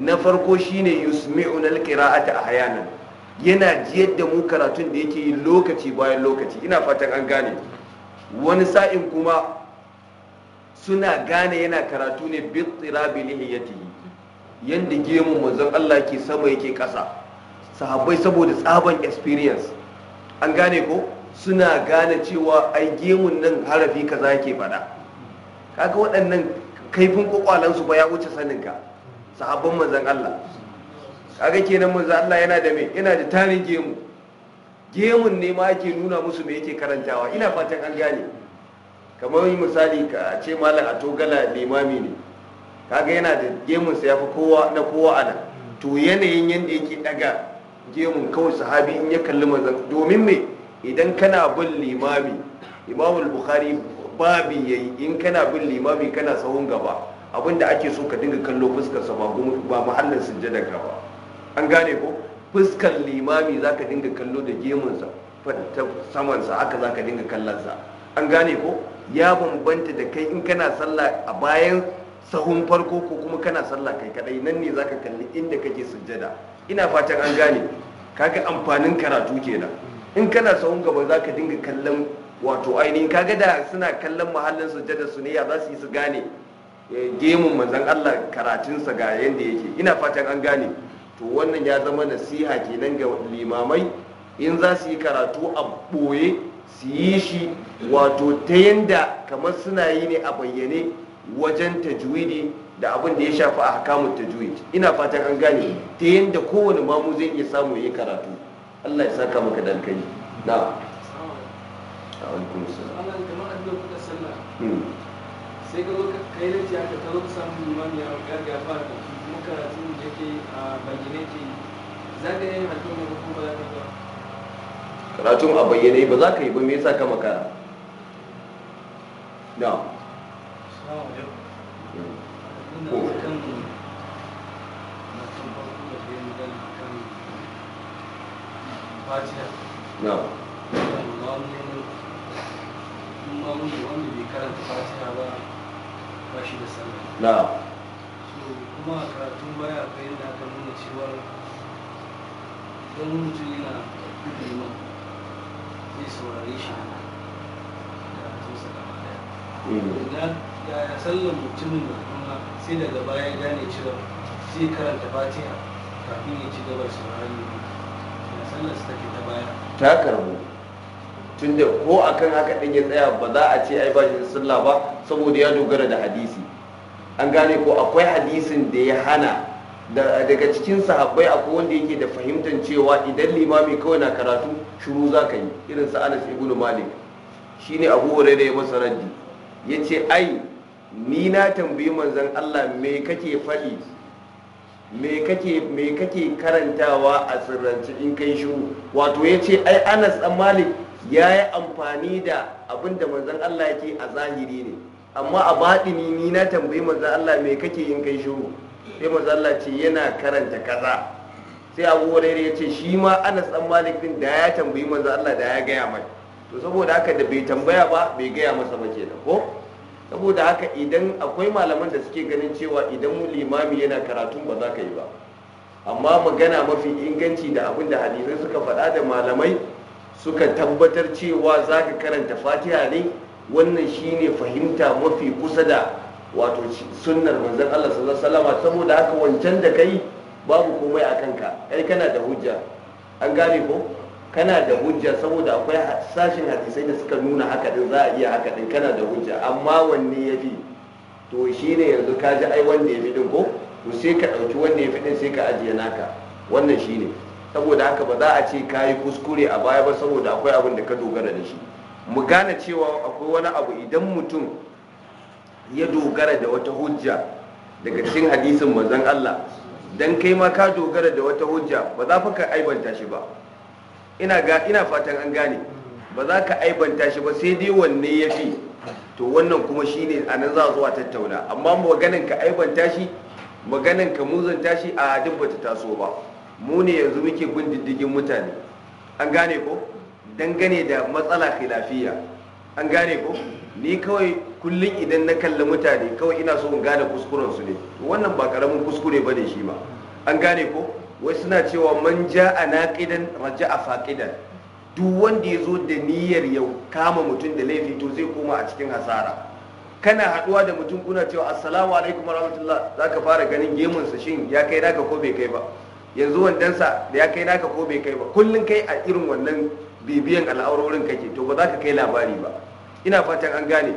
Speaker 1: na farko shine yusmi'unal qira'ata ahyanan yana jiyar da mu karatun da yake yi lokaci bayan lokaci ina fatan an gane wani sa'in kuma suna gane yana karatu ne bitirabi lihiyatihi yanda gemu manzon Allah ke sama yake ƙasa sahabbai saboda tsaban experience an gane ko suna gane cewa ai gemun nan harafi kaza yake faɗa kaga waɗannan kaifin kwakwalansu ba ya wuce saninka sahabban manzon Allah kaga kenan manzo Allah yana da me yana da tarin gemu gemun ne ma ake nuna musu me yake karantawa ina fatan an gane kamar misali ka ce malam a togala limami ne kaga yana da gemun sa yafi kowa na kowa ana to yanayin yanda yake daga gemun kawai sahabi in ya kalli manzon domin me idan kana bin limami imamul bukhari babi yayi in kana bin limami kana sahun gaba abinda ake so ka dinga kallo fuskar sa ba muhallin sujjada gaba an gane ko fuskar limami za ka dinga kallo da gemunsa ta samansa haka za ka dinga kallonsa an gane ko ya bambanta da kai in kana sallah a bayan sahun farko ko kuma kana sallah kai kadai nan ne za ka kalli inda kake sujjada ina fatan an gane kaga amfanin karatu kenan in kana sahun gaba za ka dinga kallon wato ainihin kaga da suna kallon mahallin sujjada su ne ya za su yi su gane eh, gemun manzon Allah karatunsa ga yadda yake ina fatan an gane to wannan ya zama nasiha kenan ga limamai in za su yi karatu a ɓoye su yi shi wato ta yanda kamar suna yi ne a bayyane wajen tajwidi da abin da ya shafi a hakamun tajwid ina fatan an gane ta yanda kowane mamu zai iya samu ya yi karatu allah ya saka maka dankali na hmm. sai ka zo ka yi lafiya ta zo samun samu a gargafa fara a bayyane ke yi ne ba karatun a bayyane ba za ka yi ba me yasa ka makara na No. No. kuma a karatun baya ka yadda aka nuna cewar don mutum yana yi ma zai saurari shi da karatunsa gaba daya mm. yaya sallan mutumin da kuma sai daga baya gane cewa sai karanta fatiha kafin ya ci gaba ne ya sallar su take ta baya ta karbu tunda ko akan haka ɗin ya tsaya ba za a ce ai ba shi sallah ba saboda ya dogara da hadisi an gane ko akwai hadisin da ya hana daga cikin sahabbai akwai wanda yake da fahimtar cewa idan limami kawai na karatu shuru za ka yi irin sa anas ibnu malik shine abu da ya masa raddi ce, ai ni na tambayi manzan Allah me kake faɗi me kake kake karantawa a sirrance in kai shiru wato ya ce, ai anas dan malik yi amfani da abinda manzan Allah yake a zahiri ne amma a baɗini ni na tambayi manzan Allah me kake yin kai shiru sai manzan Allah ce yana karanta kaza sai abu hurairu ya ce shi ma anas dan malik din da ya tambayi manzan Allah da ya gaya mai to saboda haka da bai tambaya ba bai gaya masa ba kenan ko saboda haka idan akwai malaman da suke ganin cewa idan limami yana karatun ba za ka yi ba amma magana mafi inganci da abin da hadisai suka faɗa da malamai suka tabbatar cewa za ka karanta fatiha ne wannan shine fahimta mafi kusa da wato sunnar manzon Allah sallallahu alaihi wasallam saboda haka wancan da kai babu komai a kanka kai kana da hujja an gane ko kana da hujja saboda akwai sashin hadisai da suka nuna haka din za a iya haka din kana da hujja amma wanne fi? to shine yanzu ka ji ai wanne fi din ko to sai ka ɗauki wanne fi din sai ka ajiye naka wannan shine saboda haka ba za a ce ka yi kuskure a baya ba saboda akwai abin da ka dogara da shi mu gane cewa akwai wani abu idan mutum ya dogara da wata hujja daga cikin hadisin manzon Allah dan kai ma ka dogara da wata hujja ba za fa ka aibanta shi ba ina ga ina fatan an gane ba za ka aibanta shi ba sai dai wanne ya fi to wannan kuma shine a nan za zuwa tattauna amma mu ganin ka aibanta shi ganin ka muzanta shi a duk bata taso ba mu ne yanzu muke bin diddigin mutane an gane ko dangane da matsala khilafiya an gane ko ni kawai kullum idan na kalli mutane kawai ina so in gane kuskuren su ne wannan ba karamin kuskure bane shi ma an gane ko wai suna cewa man ja ja'a naqidan a faqidan duk wanda ya zo da niyyar ya kama mutum da laifi to zai koma a cikin hasara kana haduwa da mutum kuna cewa assalamu alaikum warahmatullah zaka fara ganin gemunsa shin ya kai naka ko bai kai ba yanzu wandansa da ya kai naka ko bai kai ba kullum kai a irin wannan bibiyan al'aurorin kake to ba za ka kai labari ba ina fatan an gane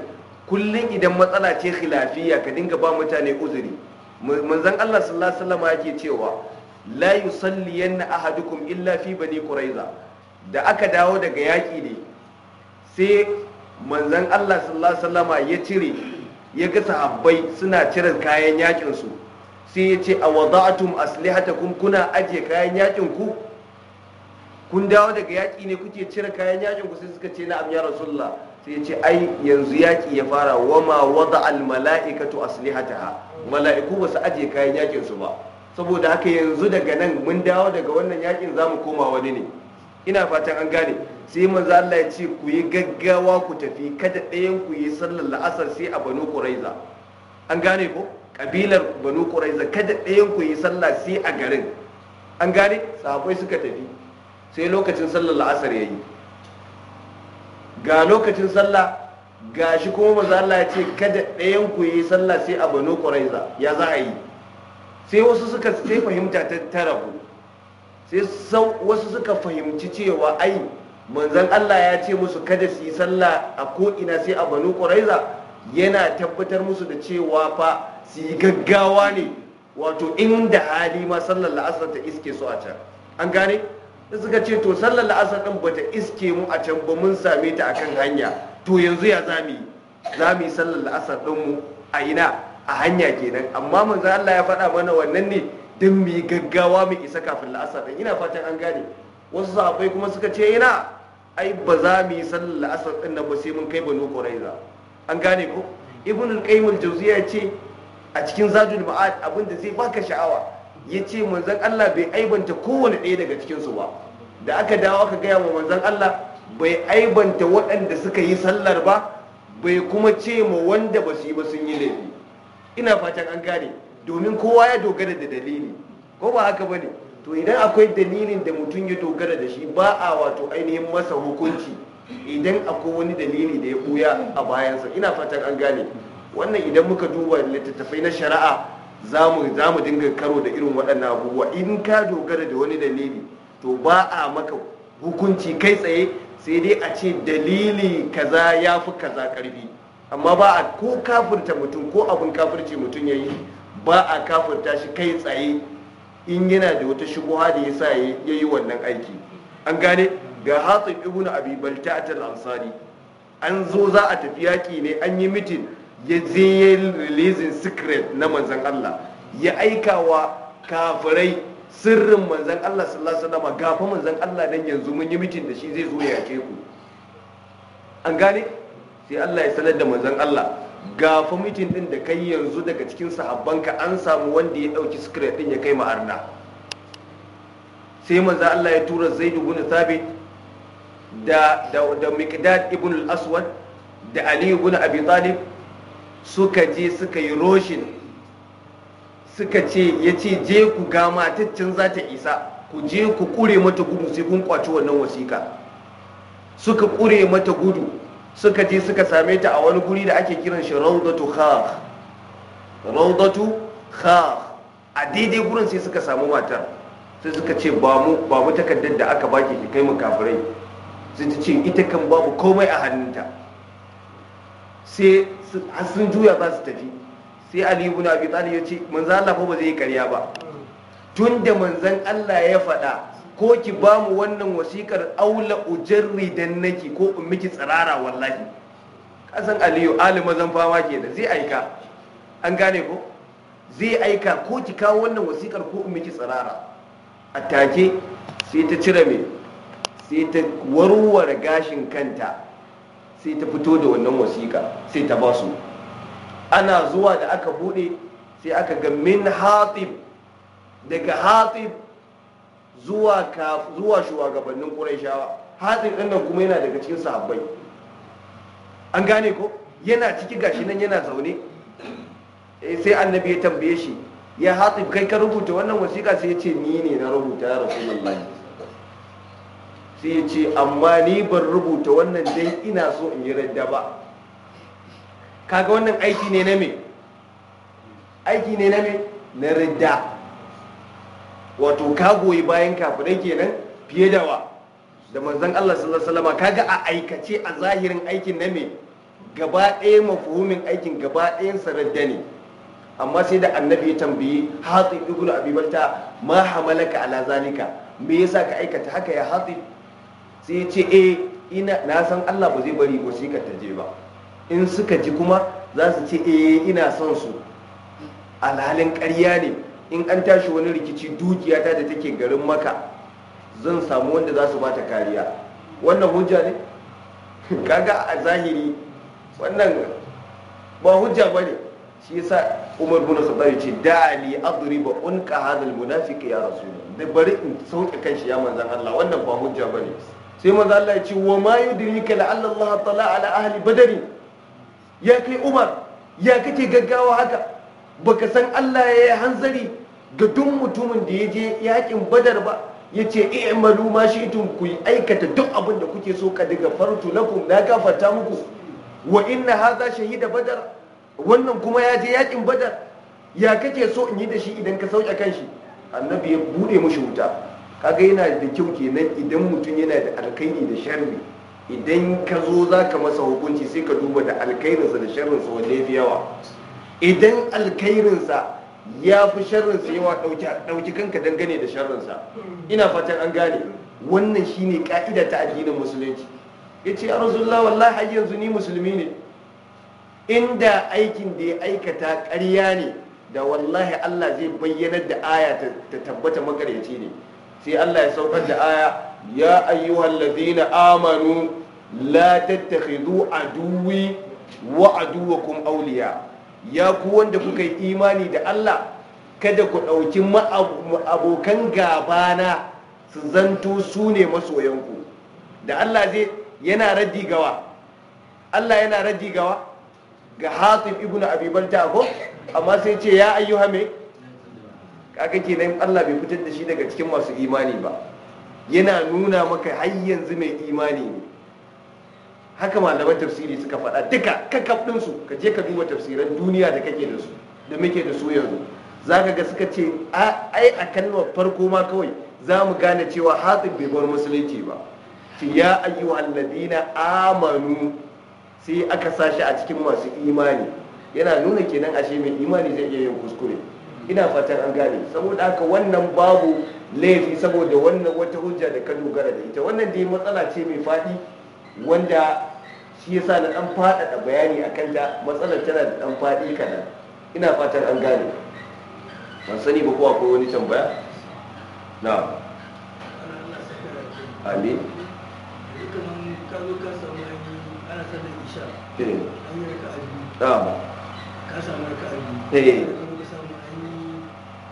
Speaker 1: kullum idan matsala ce khilafiyya ka dinga ba mutane uzuri Manzan Allah sallallahu alaihi wasallam yake cewa la yusalliyanna ahadukum illa fi bani quraiza da aka dawo daga yaki ne sai manzon Allah sallallahu alaihi wasallam ya cire ya ga sahabbai suna cire kayan yakin su sai ya ce a wada'atum aslihatakum kuna ajiye kayan yakin ku kun dawo daga yaƙi ne kuke cire kayan yakin ku sai suka ce na ya rasulullah sai ce ai yanzu yaƙi ya fara wama wada al mala'ikatu aslihataha mala'iku ba su aje kayan yakinsu su ba saboda haka yanzu daga nan mun dawo daga wannan yakin zamu koma wani ne ina fatan an gane sai manzo Allah ya ce ku yi gaggawa ku tafi kada ɗayan ku yi sallar la'asar sai a Banu Quraiza an gane ko kabilar Banu Quraiza kada ɗayan ku yi sallah sai a garin an gane sahabbai suka tafi sai lokacin sallar la'asar ya yi ga lokacin sallah ga shi kuma maza ya ce kada ɗayan ku yi sallah sai a banu ƙuraiza ya za a yi sai wasu suka sai fahimta ta tara ku sai wasu suka fahimci cewa ai manzan Allah ya ce musu kada su yi sallah a ko'ina sai a banu ƙuraiza yana tabbatar musu da cewa fa su yi gaggawa ne wato inda hali ma sallar la'asar ta iske su a can an gane da suka ce to sallar la'asar ɗin bata iske mu a can ba mun same ta a kan hanya to yanzu ya zami zami sallar la'asar ɗin mu a ina a hanya kenan amma manzo Allah ya faɗa mana wannan ne don mu yi gaggawa mu isa kafin la'asar din ina fatan an gane wasu sahabbai kuma suka ce ina ai ba za mu yi sallar la'asar din nan ba sai mun kai banu quraiza an gane ko al qayyim al-jawziya ce a cikin zadul ma'ad abinda zai baka sha'awa ya ce manzan Allah bai aibanta kowane ɗaya daga cikinsu ba da aka dawo aka gaya wa manzan Allah bai aibanta waɗanda suka yi sallar ba bai kuma ce ma wanda ba su yi ba sun yi laifi ina fatan an gane domin kowa ya dogara da dalili ko ba haka ba ne to idan akwai dalilin da mutum ya dogara da shi ba a wato ainihin masa hukunci idan akwai wani dalili da ya buya a bayansa ina fatan an gane wannan idan muka duba littattafai na shari'a za mu dinga karo da irin waɗannan abubuwa in ka dogara da wani dalili to ba a maka hukunci kai tsaye sai dai a ce dalili kaza ya fi kaza karfi amma ba a ko kafirta mutum ko abin kafirci mutum ya yi ba a kafirta shi kai tsaye in yana da wata shubuha da ya sa ya yi wannan aiki an gane ga hatsin ibnu abi balta ansari an zo za a tafi yaƙi ne an yi mitin ya je ya releasing secret na manzan Allah ya aika wa kafirai sirrin manzan Allah sallallahu alaihi wasallam gafa manzan Allah dan yanzu mun yi mitin da shi zai zo ya ke ku an gane sai Allah ya sanar da manzan Allah gafa mitin din da kai yanzu daga cikin sahabbanka an samu wanda ya dauki secret din ya kai ma arna sai manzan Allah ya tura Zaid ibn Thabit da da da Miqdad ibn al-Aswad da Ali ibn Abi Talib suka je suka yi roshin suka ce ya ce je ku ga mataccen za ta isa ku je ku kure mata gudu sai kun kwaci wannan wasiƙa suka kure mata gudu suka je suka same ta a wani guri da ake kiran shi raudatu khakh raudatu a daidai gurin sai suka samu matar sai suka ce ba mu da aka baki ki kai mu kafirai sai ta ce ita kan babu komai a hannunta sai sun juya za su tafi sai ali ibn abi talib ya ce manzon Allah ko ba zai karya ba tunda Manzan Allah ya faɗa ko ki ba mu wannan wasikar aula ujarri dan naki ko in miki tsirara wallahi kasan aliyu ali mazan fama ke da zai aika an gane ko zai aika ko ki kawo wannan wasikar ko in miki tsirara a take sai ta cire mai sai ta warware gashin kanta sai ta fito da wannan wasiƙa sai ta ba su ana zuwa da aka buɗe sai aka ga min hatib daga hatib zuwa zuwa shugabannin ƙuraishawa hatib ɗin nan kuma yana daga cikin sahabbai an gane ko yana ciki gashi nan yana zaune eh, sai annabi ya tambaye shi ya hatib kai ka rubuta wannan wasiƙa sai ya ce ni ne na rubuta ya rasulullahi sai ya ce amma ni ban rubuta wannan dai ina so in yi radda ba kaga wannan aiki ne na me aiki ne na me na radda wato ka goyi bayan kafirai kenan fiye da wa da manzon Allah sallallahu alaihi wasallam kaga a aikace a zahirin aikin na me gaba ɗaya mafuhumin aikin gaba ɗayan radda ne amma sai da annabi ya tambayi hatsi ibnu abi balta ma hamalaka ala zalika me yasa ka aikata haka ya hatsi sai ya ce eh ina na san Allah ba zai bari wasikar ta je ba in suka ji kuma za su ce eh ina son su alhalin ƙarya ne in an tashi wani rikici dukiya ta da take garin maka zan samu wanda za su bata kariya wannan hujja ne kaga a zahiri wannan ba hujja ba ne shi yasa umar bin khattab ce, da unka adriba unqa hadha almunafiq ya rasul da bari in sauke kan shi ya manzon Allah wannan ba hujja ba ne. sai manzo Allah ya ce wa ma yudrika la Allah tala ala ahli badari ya kai Umar ya kake gaggawa haka baka san Allah ya yi hanzari ga duk mutumin da ya je yakin badar ba ya ce i'malu ma shi'tum ku aikata duk abin da kuke so ka daga fartu lakum na gafarta muku wa inna haza shahida badar wannan kuma ya je yakin badar ya kake so in yi da shi idan ka sauke kan shi annabi ya bude mushi wuta kaga yana da kyau kenan idan mutum yana da alkaini da sharri idan ka zo za ka masa hukunci sai ka duba da alkairinsa da sharrinsa wanda ya fi yawa idan alkairinsa ya fi sharrinsa yawa ɗauki kanka dangane da sharrinsa ina fatan an gane wannan shine ka'ida ta addinin musulunci ya ce arzullah wallahi har yanzu ni musulmi ne inda aikin da ya aikata ƙarya ne da wallahi allah zai bayyanar da aya ta tabbata magaryaci ne sai Allah ya saukar da aya ya ayyuhal ladina amanu la tattakhidhu aduwi wa aduwakum awliya ya ku wanda kuka yi imani da Allah kada ku ɗauki abokan gabana su zanto su ne masoyanku da Allah zai yana raddi gawa Allah yana raddi gawa ga Hatib ibnu Abi Balta ko amma sai ce ya ayyuha mai ke kenan Allah bai fitar da shi daga cikin masu imani ba yana nuna maka har yanzu mai imani ne haka malaman tafsiri suka faɗa duka kakaf su ka je ka duba tafsiran duniya da kake da su da muke da su yanzu za ka ga suka ce ai a kalmar farko ma kawai za mu gane cewa hatsin bai bar musulunci ba ci ya ayyuhal alladina amanu sai aka sashi a cikin masu imani yana nuna kenan ashe mai imani zai iya yin kuskure ina fatan an gane saboda haka wannan babu laifi saboda wannan wata hujja da ka dogara da ita wannan dai matsala ce mai faɗi wanda shi yasa na ɗan faɗaɗa bayani a kanta matsalar tana da ɗan faɗi kaɗan ina fatan an gane ban sani ba ko akwai wani tambaya na amin eh. ka samu eh. ka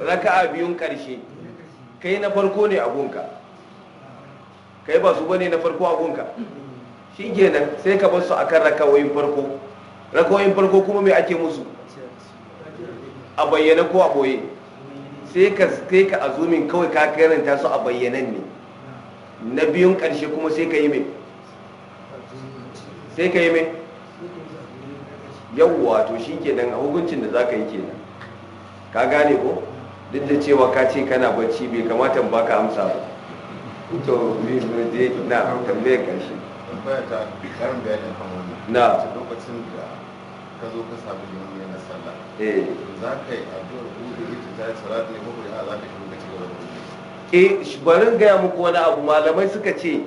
Speaker 1: raka'a biyun karshe kai na farko ne a gunka kai ba su bane na farko a gunka nan sai ka basu su akan rakawoyin farko rakawoyin farko kuma me ake musu a bayyana ko a boye sai ka sai ka azumin kawai ka karanta su a bayyanan ne na biyun karshe kuma sai ka yi mai sai ka yi mai yawwa to nan a hukuncin da za ka yi kenan ka gane ko duk da cewa ka ce kana bacci bai kamata ba ka amsa ba to je na tambayar karshe ta karin bayanin kan wannan na lokacin da ka zo ka samu limu yana sallah eh za ka yi addu'ar da yake ta salat ne ko a za ka shiga ci gaba eh barin gaya muku wani abu malamai suka ce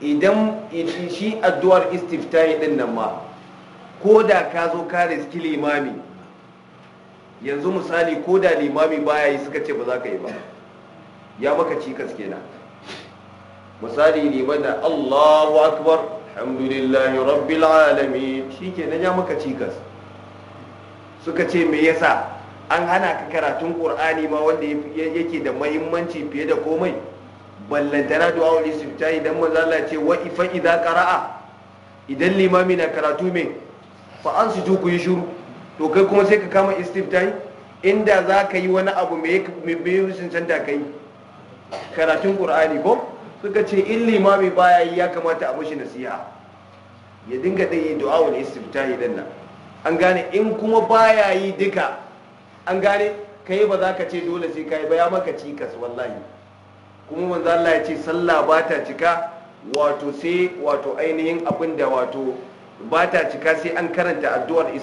Speaker 1: idan shi addu'ar istiftahi din nan ma ko da ka zo ka riski limami yanzu misali ko da limami baya yi suka ce ba za ka yi ba ya maka cikas kenan misali liman da Allahu akbar alhamdulillahi rabbil alamin shikenan ya maka cikas suka ce me yasa an hana ka karatun qur'ani ma wanda yake da mahimmanci fiye da komai ballantana du'a wal istiftahi idan manzo Allah ce wa ifa idza qara'a idan limami na karatu me fa an su ku yi shiru to kai kuma sai ka kama istiftai inda za ka yi wani abu mai biyu canta ka yi karatun ƙur'ani ko suka ce in limami baya yi ya kamata a mashi nasiha ya dinga da yi du'a wani istiftai nan an gane in kuma baya yi duka an gane kai ba za ka ce dole sai kai ba ya maka cikas wallahi kuma manzo Allah ya ce sallah ba ta cika wato sai wato ainihin abin da wato ba ta cika sai an karanta addu'ar yi.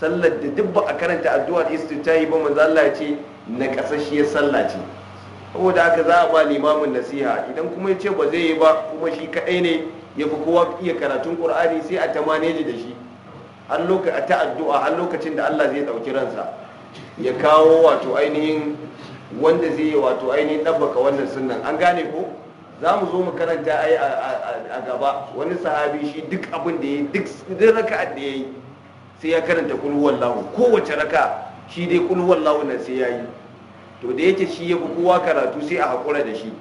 Speaker 1: sallar da duk ba a karanta addu'ar yi ba manzo Allah ya ce na kasashiyar sallah ce saboda haka za a ba limamin nasiha idan kuma ya ce ba zai yi ba kuma shi kadai ne ya fi kowa iya karatun qur'ani sai a tamane da shi har lokacin ta addu'a har lokacin da Allah zai dauki ransa ya kawo wato ainihin wanda zai yi wato ainihin dabbaka wannan sunnan an gane ko za mu zo mu karanta a gaba wani sahabi shi duk abin da ya yi duk raka'ar da ya yi sai ya karanta kulwar lahu kowace raka shi dai kulwar lahu na sai ya yi to da yake shi ya fi kowa karatu sai a haƙura da shi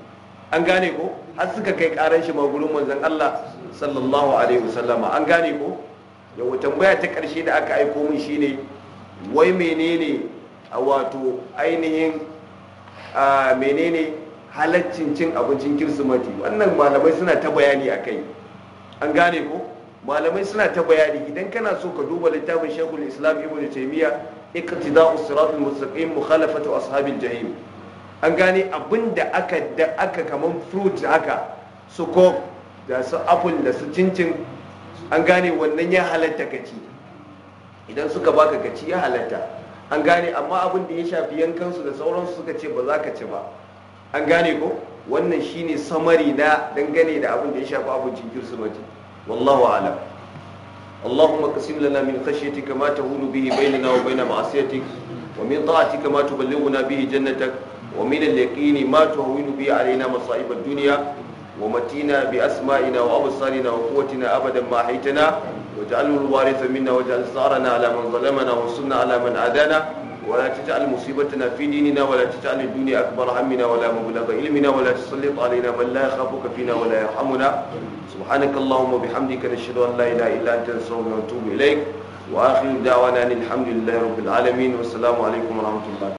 Speaker 1: an gane ko har suka kai ƙaran shi magurin manzon Allah sallallahu alaihi wasallama an gane ko yau tambaya ta ƙarshe da aka aiko min shine wai menene a wato ainihin menene halaccin cin abincin kirsimati wannan malamai suna ta bayani a kai. an gane ko malamai suna ta bayani idan kana so ka duba littafin shekul islam ibn taymiya iqtida'us siratul mustaqim mukhalafatu ashabil jahim an gane abinda aka da aka kaman fruit haka su ko da su apple da su cincin an gane wannan ya halatta kaci idan suka baka kaci ya halatta an gane amma abin da ya shafi yankansu da sauransu suka ce ba za ka ci ba an gane ko wannan shine samari na dangane da abin da ya shafi abincin kirsimati wallahu a'lam اللهم اقسم لنا من خشيتك ما تهون به بيننا وبين معصيتك ومن طاعتك ما تبلغنا به جنتك ومن اليقين ما تهون به علينا مصائب الدنيا ومتينا بأسمائنا وأبصارنا وقوتنا أبدا ما حيتنا واجعله الوارث منا واجعل ثارنا على من ظلمنا وانصرنا على من عادانا ولا تجعل مصيبتنا في ديننا ولا تجعل الدنيا أكبر همنا ولا مبلغ علمنا ولا تسلط علينا من لا يخافك فينا ولا يرحمنا سبحانك اللهم وبحمدك نشهد أن لا إله إلا أنت نستغفرك ونتوب إليك وآخر دعوانا أن الحمد لله رب العالمين والسلام عليكم ورحمة الله